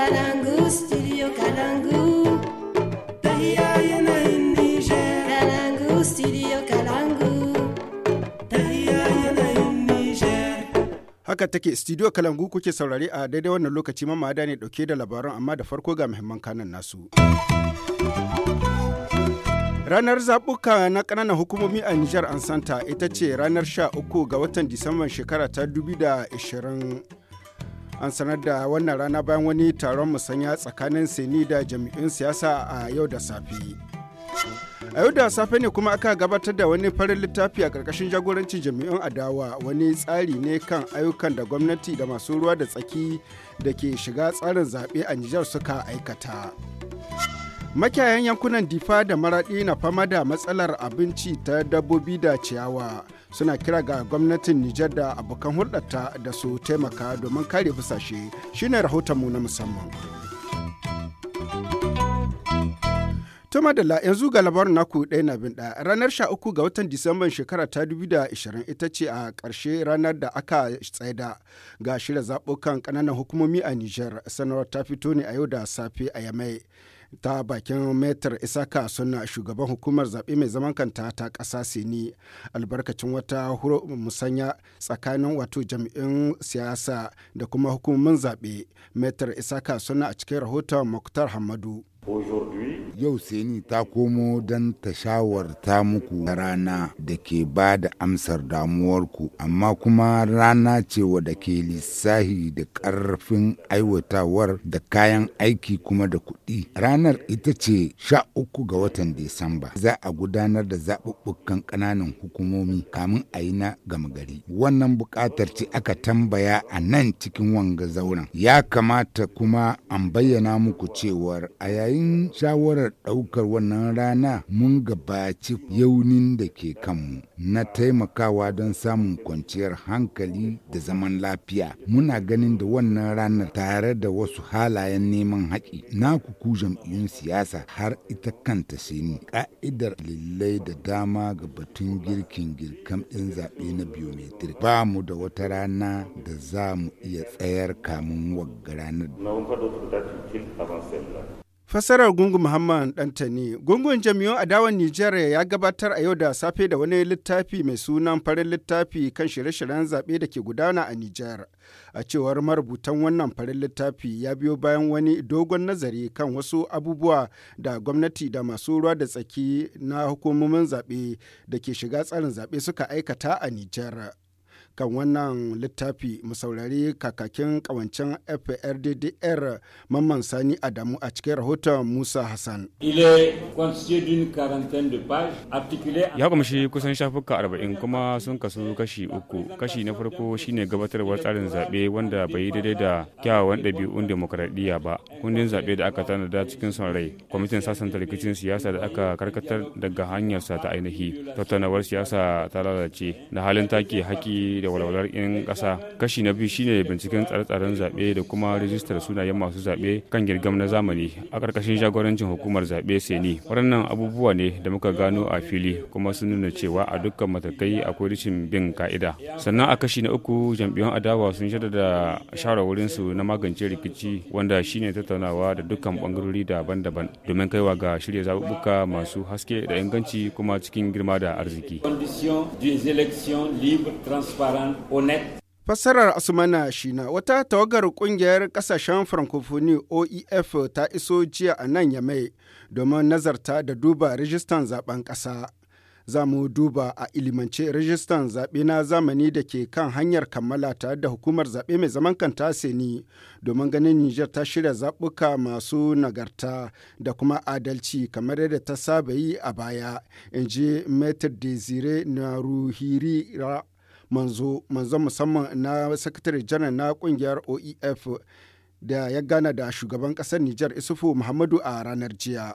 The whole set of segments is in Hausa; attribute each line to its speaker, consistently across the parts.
Speaker 1: Kalangu,
Speaker 2: Haka take studio Kalangu kuke saurari a daidai wannan lokaci mamada ne dauke da labaran amma da farko ga muhimman kanan nasu. Ranar zaɓuka na ƙananan hukumomi a Nijar an santa ita ce ranar sha uku ga watan Disamban shekara ta dubi 2020. an sanar da wannan rana bayan wani taron musanya tsakanin seni da jami'in siyasa a yau da safe a yau da safe ne kuma aka gabatar da wani farin littafi a ƙarƙashin jagorancin jami'in adawa wani tsari ne kan ayyukan da gwamnati da masu ruwa da tsaki da ke shiga tsarin zaɓe a nijar suka aikata makiyayan yankunan difa da maraɗi na fama da matsalar abinci ta dabbobi da ciyawa suna kira ga gwamnatin Nijar da abokan hulɗarta da su taimaka domin kare fusashe shine rahotonmu na musamman. Tuma da yanzu ga labarin naku ɗaya na bin ɗaya ranar sha uku ga watan Disamban shekara ta 2020 ita ce a ƙarshe ranar da aka tsaida ga shirya zaɓukan ƙananan hukumomi a Nijar sanarwar ta fito ne a yau da safe a Yamai. ta bakin metar isaka suna shugaban hukumar zaɓe mai zaman kanta ta ƙasa sini albarkacin wata huro musanya tsakanin wato jami'in siyasa da kuma hukumomin zaɓe metar isaka suna a cikin rahoton muktar hamadu Yau Seni ta komo don ta shawarta
Speaker 3: muku rana da ke ba da amsar damuwarku, amma kuma rana ce wadda ke lissahi da ƙarfin aiwatawar da kayan aiki kuma da kuɗi. Ranar ita ce sha uku ga watan Disamba. Za a gudanar da zaɓuɓɓukan ƙananan hukumomi kamun a yi na gama gari. Wannan buƙatar ce aka tambaya a nan cikin wanga zauren. Ya kamata kuma an bayyana muku cewar a yayin shawarar ɗaukar wannan rana mun gabaci yaunin da ke kanmu na taimakawa don samun kwanciyar hankali da zaman lafiya muna ganin da wannan rana. tare da wasu halayen neman haƙi na kuku jam'iyyun siyasa har ita kanta shini ka'idar lillai da dama ga batun girkin girkan ɗin zaɓe na biometric ba mu da wata rana da za mu iya tsayar kamun
Speaker 4: wagga ranar
Speaker 2: Fasarar Gungu Muhammad Dantani, gungun jami'un adawar Nijar ya gabatar a yau da safe da wani littafi mai sunan farin littafi kan shirye-shiryen zaɓe da ke gudana a Nijar. A cewar marubutan wannan farin littafi ya biyo bayan wani dogon nazari kan wasu abubuwa da gwamnati da masu ruwa da tsaki na hukumomin zaɓe da ke shiga tsarin zaɓe suka aikata a Nijar. kan wannan littafi mu saurari kakakin kawancin FRDDR Mamman Sani Adamu a cikin rahoton Musa Hassan.
Speaker 4: Ya kumshi kusan shafuka arba'in kuma sun kasu kashi uku. Kashi na farko shine gabatarwar tsarin zaɓe wanda bai yi daidai da kyawawan ɗabi'un demokradiyya ba. Kundin zaɓe da aka tanada cikin son rai, kwamitin sasanta rikicin siyasa da aka karkatar daga hanyarsa ta ainihi, tattaunawar siyasa ta lalace, na halin take haƙi da da walwalar 'yan ƙasa kashi na biyu shine binciken tsare-tsaren zaɓe da kuma rijistar sunayen masu zaɓe kan girgam na zamani a ƙarƙashin jagorancin hukumar zaɓe seni waɗannan abubuwa ne da muka gano a fili kuma sun nuna cewa a dukkan matakai akwai rashin bin ka'ida sannan a kashi na uku jam'iyyun adawa sun shaidada su na magance rikici wanda shine tattaunawa da dukkan bangarori daban-daban domin kaiwa ga shirya zaɓuɓɓuka masu haske da inganci kuma cikin girma da arziki. libre
Speaker 2: Fassarar Asmana Shina wata tawagar kungiyar kasashen Francophonie OEF ta iso jiya a nan ya mai domin nazarta da duba rijistan zaben ƙasa. Za mu duba a ilimance rijistan zaɓe na zamani da ke kan hanyar kammala ta da hukumar zaɓe mai zaman kanta Seni domin ganin Nijar ta shirya zaɓuka masu nagarta da kuma adalci kamar yadda ta saba yi a baya, in ji Maitre Desire Naruhirira manzo manzo musamman na sakatare janar na kungiyar oef da ya gana da shugaban kasar nijar isufu muhammadu a ranar jiya.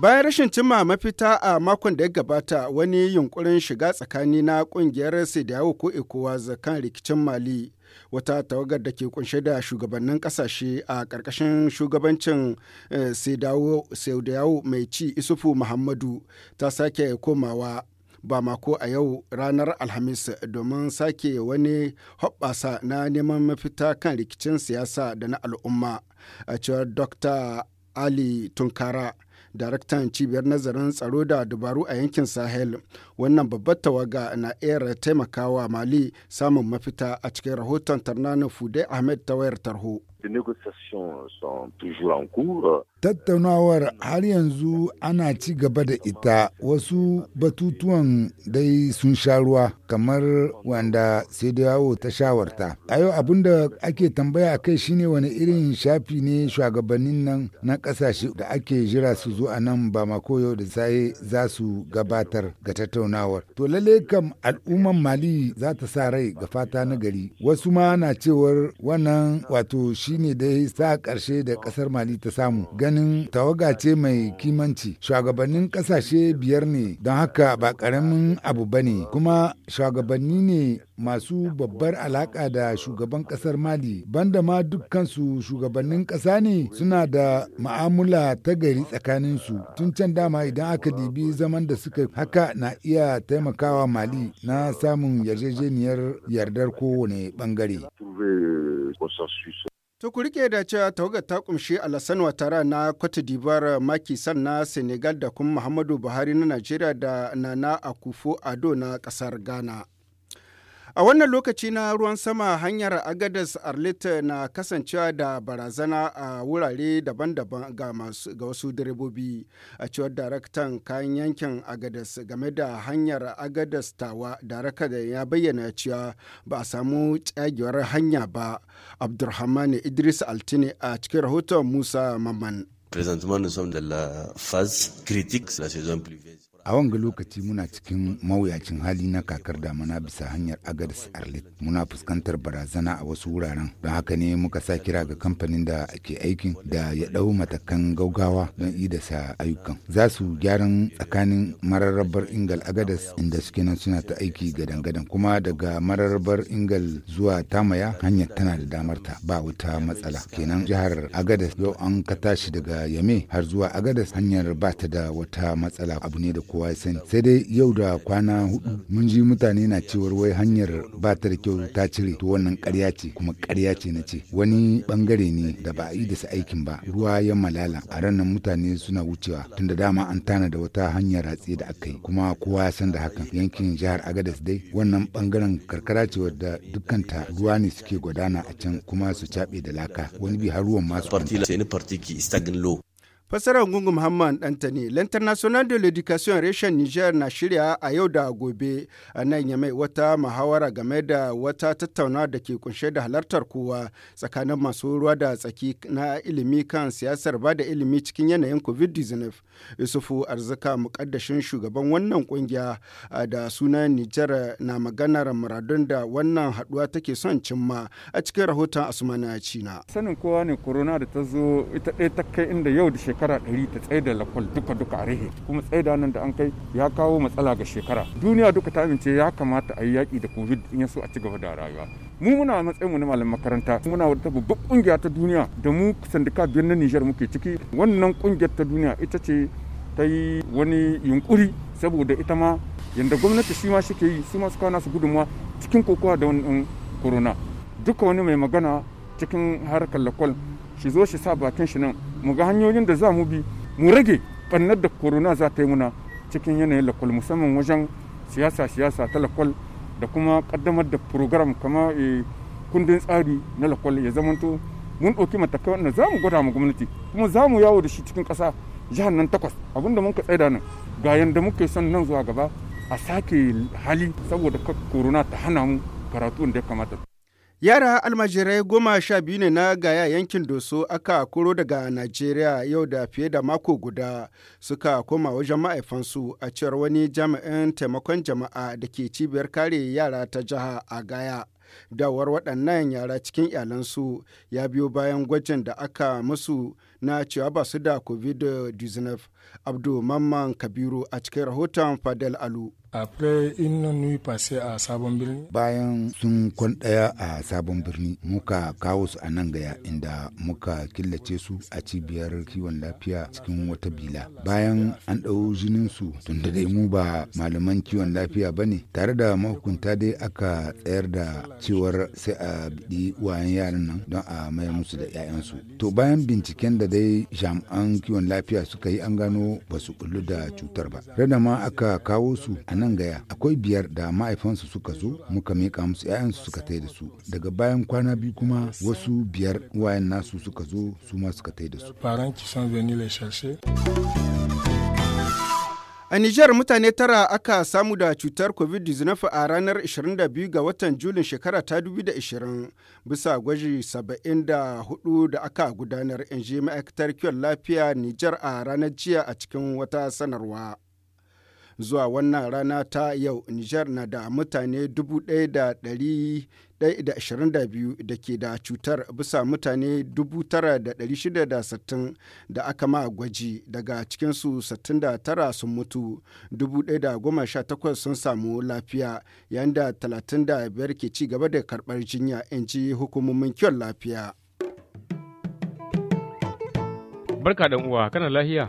Speaker 2: Bayan rashin cimma mafita a makon da ya gabata wani yunkurin shiga tsakani na kungiyar Sidiyawo ko ikowa zakan rikicin Mali wata tawagar da ke kunshe da shugabannin kasashe a ƙarƙashin shugabancin eh, Sidiyawo mai ci Isufu Muhammadu ta sake komawa ba mako a yau ranar Alhamis domin sake wani hoɓɓasa na neman mafita kan rikicin siyasa da na al'umma. A cewar Dr. Ali Tunkara. daraktan cibiyar nazarin tsaro da dubaru a yankin sahel wannan babbar tawaga na iya taimakawa mali samun mafita a cikin rahoton tarnanin fude ahmed ta wayar tarho.
Speaker 3: Tattaunawar har yanzu ana ci gaba da ita wasu batutuwan dai sun sha ruwa kamar wanda sai da yawo ta shawarta. A yau abin da ake tambaya a kai shine wani irin shafi ne shugabannin nan na kasashe da ake jira su zo a nan ba ma koyo da sai za su gabatar ga tattaunawar. To lalle kam al'umman Mali za ta sa rai ga fata na gari. Wasu ma na cewar wannan wato shi shine da ya sa ƙarshe da ƙasar Mali ta samu. Ganin tawaga ce mai kimanci. Shugabannin ƙasashe biyar ne don haka ba ƙaramin abu ba ne. Kuma shugabanni ne masu babbar alaƙa da shugaban ƙasar Mali. Banda ma dukkansu shugabannin ƙasa ne suna da ma'amula ta gari tsakaninsu. Tun can dama idan aka dibi zaman da suka haka na iya taimakawa Mali na samun yarjejeniyar yardar kowane bangare.
Speaker 2: To ku rike da cewa tawagar ta kumshi Alassane watara na Cote d'Ivoire, maki san na Senegal da kuma Muhammadu Buhari na Najeriya da Nana akufo ado na kasar Ghana. A wannan lokaci na ruwan sama hanyar Agadas Arlit na kasancewa da barazana a wurare daban-daban ga, wasu direbobi a cewar daraktan kayan yankin Agadas game da hanyar Agadas tawa da ya bayyana cewa ba a samu tsagewar hanya ba. Abdulrahman Idris altini a cikin rahoton Musa mamman. Présentement, nous
Speaker 3: A wanga lokaci muna cikin mawuyacin hali na kakar damana bisa hanyar Agadis Arlit. Muna fuskantar barazana a wasu wuraren. Don haka ne muka sa kira ga kamfanin da ke aikin da ya dau matakan gaugawa don ida sa ayyukan. Za su gyaran tsakanin mararrabar Ingal Agadis inda suke nan suna ta aiki gadan-gadan kuma daga mararrabar Ingal zuwa Tamaya hanyar tana da damar ta ba wata matsala. Kenan jihar Agadis yau an ka tashi daga Yame har zuwa Agadis hanyar ba ta da wata matsala abu ne da kowa sani sai dai yau da kwana hudu mun ji mutane na cewar wai hanyar ba ta da kyau ta cire to wannan ƙarya ce kuma karya ce na ce wani bangare ne da ba a yi da su aikin ba ruwa ya malala a ranar mutane suna wucewa tunda dama an tana da wata hanyar ratse da aka yi kuma kowa ya san da hakan yankin jihar agadas dai wannan bangaren karkara ce wadda dukkanta ruwa ne suke gudana a can kuma su caɓe da laka wani bi har ruwan
Speaker 2: masu fassarar Gungun Muhammad Dantani, l'International de l'Education Reshen Niger na shirya a yau da gobe a nan ya mai wata muhawara game da wata tattauna da ke kunshe da halartar kowa tsakanin masu ruwa da tsaki na ilimi kan siyasar ba da ilimi cikin yanayin COVID-19. Yusufu Arzika mukaddashin shugaban wannan kungiya da sunan Niger na maganar muradun da wannan haduwa take son cimma a cikin rahoton Asumana Sanin kowa ne corona da ta zo ita ɗaya ta kai inda yau
Speaker 5: da shekara 100 ta tsaye da lakwal duka-duka a rihe kuma tsaye da nan da an kai ya kawo matsala ga shekara duniya duka ta amince ya kamata a yi yaƙi da covid in ya so a ci gaba da rayuwa mu muna a matsayin mu na malam makaranta muna wata babban kungiya ta duniya da mu sandika biyar na Nijar muke ciki wannan kungiyar ta duniya ita ce ta yi wani yunkuri saboda ita ma yanda gwamnati shi ma shike yi su masu kawo su gudunmawa cikin kokowa da wannan corona duka wani mai magana cikin harkar lakwal shi zo shi sa bakin shi nan mu ga hanyoyin da za mu bi mu rage ɓannar da corona za ta yi muna cikin yanayin lakwal musamman wajen siyasa siyasa ta lakwal da kuma kaddamar da program kama eh, kundin tsari na lakwal ya zamanto mun ɗauki matakai wanda za mu gwada ma gwamnati kuma za mu yawo da shi cikin ƙasa jihar nan takwas abin da ka tsaida nan ga yanda muke son nan zuwa gaba a sake hali saboda corona ta hana mu karatu da ya kamata
Speaker 2: Yara almajirai goma sha biyu ne na gaya yankin Doso aka koro daga Najeriya yau da fiye da mako guda suka koma wajen ma'aifansu a cewar wani jami'in taimakon jama'a da ke cibiyar kare yara ta jiha a gaya. Dawar waɗannan yara cikin iyalansu ya biyo bayan gwajin da aka musu na cewa ba su da covid-19 abdu mamman kabiru a cikin rahoton fadel alu
Speaker 3: bayan sun kwan a sabon birni muka kawo su a nan gaya inda muka killace su a cibiyar kiwon lafiya cikin wata bila bayan an ɗau jinin su tun da mu ba malaman kiwon lafiya ba ne tare da mahukunta dai aka tsayar da cewar sai a biɗi wayan yaran nan don a maya musu da 'ya'yansu to bayan binciken da dai jami'an kiwon lafiya suka yi an gano ba su kullu da cutar ba rana ma aka kawo su a nan gaya akwai biyar da ma'aifansu suka zo muka miƙa musu 'ya'yansu suka tai da su daga bayan kwana biyu kuma wasu biyar wayan nasu suka zo su ma suka tai da su
Speaker 2: A Nijar mutane tara aka samu da cutar COVID-19 a ranar 22 ga watan Julin shekara ta 2020 bisa gwaji 74 da aka gudanar in ji ma'aikatar kiwon lafiya Nijar a ranar jiya a cikin wata sanarwa. Zuwa wannan rana ta yau Nijar na da mutane 1,122 da ke da cutar bisa mutane 9,660 da aka ma gwaji daga cikinsu 69 sun mutu 1,018 sun samu lafiya yayin da 35 ke ci gaba da karbar jinya in ji
Speaker 4: hukumomin kyau lafiya. Barka uwa kana lahiya?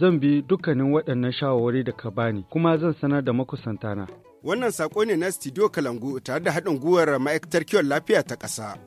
Speaker 1: zan bi dukkanin waɗannan shawarwari da ka bani kuma zan sanar da makusantana.
Speaker 2: Wannan saƙo ne na Studio Kalangu tare da haɗin gwiwar ma'aikatar kiwon lafiya ta ƙasa.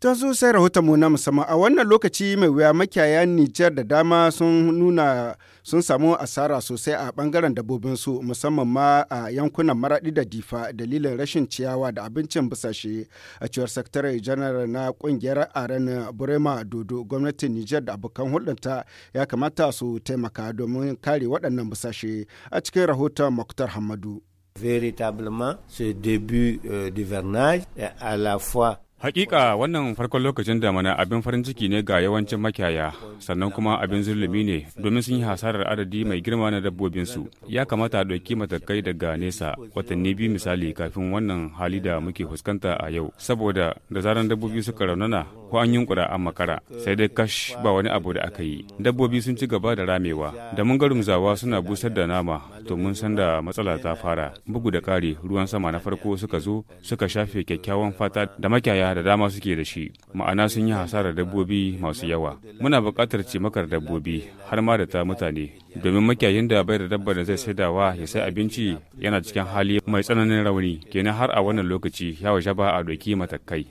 Speaker 2: ta zo sai rahoton mu na musamman a wannan lokaci mai wuya makiyaya Nijar da dama sun nuna sun samu asara sosai a bangaren su musamman ma a yankunan maraɗi da difa dalilin rashin ciyawa da abincin busashe a cewar sakatare janar na kungiyar aren burema dodo gwamnatin niger da abokan hulɗanta ya kamata su taimaka domin kare waɗannan busashe a cikin rahoton muktar hamadu véritablement ce début euh, d'hivernage à la fois
Speaker 4: Hakika wannan farkon lokacin damana abin farin ciki ne ga yawancin makiyaya sannan kuma abin zulumi ne domin sun yi hasarar adadi mai girma na dabbobinsu. Ya kamata a ɗauki matakai daga nesa watanni biyu misali kafin wannan hali da muke fuskanta a yau saboda da zaran dabbobi suka raunana ko an yunkura an makara sai dai kash ba wani abu da aka yi. Dabbobi sun ci gaba da ramewa da mun ga rumzawa suna busar da nama to mun san da matsala ta fara bugu da ƙari ruwan sama na farko suka zo suka shafe kyakkyawan fata da makiyaya da dama suke da shi ma'ana sun yi hasarar dabbobi masu yawa muna buƙatar cimakar dabbobi har ma da ta mutane domin makiyayin da bai da dabbar da zai saidawa ya sai abinci yana cikin hali mai tsananin rauni kenan har a wannan lokaci ya waje ba a doki matakai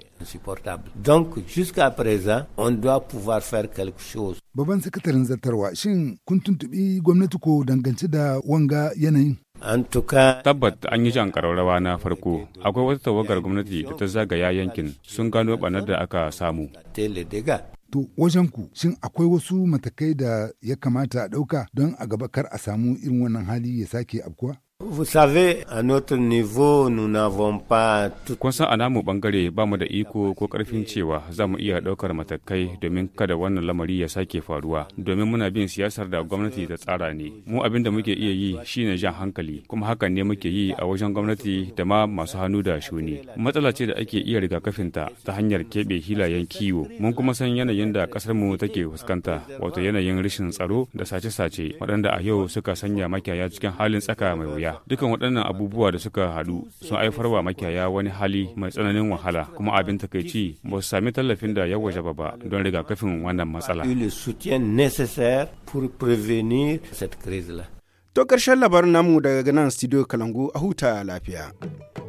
Speaker 4: Donc jusqu'à présent, on doit pouvoir faire quelque chose.
Speaker 3: baban sakataren zartarwa shin kun tuntubi gwamnati ko dangance da wanga yanayin?
Speaker 4: Tabbat an yi jan ƙararrawa na farko. Akwai wata tawagar gwamnati da ta zagaya yankin sun gano ɓanar da aka samu.
Speaker 3: To wajen ku shin akwai wasu matakai da ya kamata a ɗauka don a gaba kar a samu irin wannan hali ya sake abkuwa?
Speaker 4: Kun san a bangare ba mu da iko ko karfin cewa za mu iya ɗaukar matakai domin kada wannan lamari ya sake faruwa domin muna bin siyasar da gwamnati ta tsara ne. Mu abin da muke iya yi shine jan hankali kuma hakan ne muke yi a wajen gwamnati da ma masu hannu da shuni. Matsala ce da ake iya rigakafinta ta hanyar keɓe hilayen kiwo. Mun kuma san yanayin da kasar mu take fuskanta wato yanayin rashin tsaro da sace-sace waɗanda a yau suka sanya makiyaya cikin halin tsaka mai wuya. dukan waɗannan abubuwa da suka haɗu sun haifar wa makiyaya wani hali mai tsananin wahala kuma abin takaici ba su sami tallafin da ya wajaba ba don rigakafin wannan matsala
Speaker 2: to ƙarshen labarin namu daga nan studio kalangu a huta lafiya